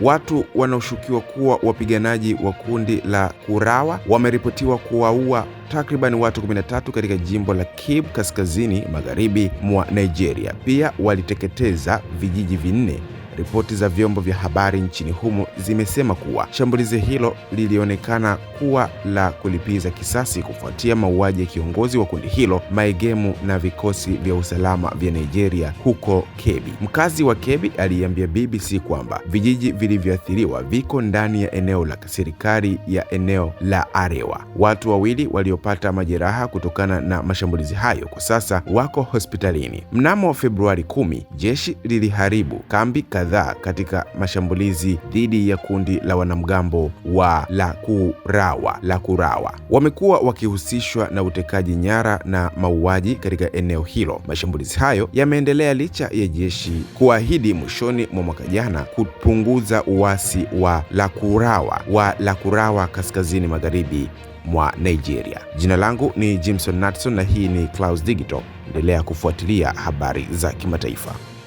Watu wanaoshukiwa kuwa wapiganaji wa kundi la Kurawa wameripotiwa kuwaua takriban watu 13 katika jimbo la kib kaskazini magharibi mwa Nigeria. Pia waliteketeza vijiji vinne Ripoti za vyombo vya habari nchini humo zimesema kuwa shambulizi hilo lilionekana kuwa la kulipiza kisasi kufuatia mauaji ya kiongozi wa kundi hilo Maegemu na vikosi vya usalama vya Nigeria huko Kebbi. Mkazi wa Kebbi aliambia BBC kwamba vijiji vilivyoathiriwa viko ndani ya eneo la serikali ya eneo la Arewa. Watu wawili waliopata majeraha kutokana na mashambulizi hayo kwa sasa wako hospitalini. Mnamo Februari kumi, jeshi liliharibu kambi kadhaa katika mashambulizi dhidi ya kundi la wanamgambo wa Lakurawa kurawa. Wamekuwa wakihusishwa na utekaji nyara na mauaji katika eneo hilo. Mashambulizi hayo yameendelea licha ya jeshi kuahidi mwishoni mwa mwaka jana kupunguza uasi wa Lakurawa wa kurawa kaskazini magharibi mwa Nigeria. Jina langu ni Jimson Natson na hii ni Clouds Digital. Endelea kufuatilia habari za kimataifa.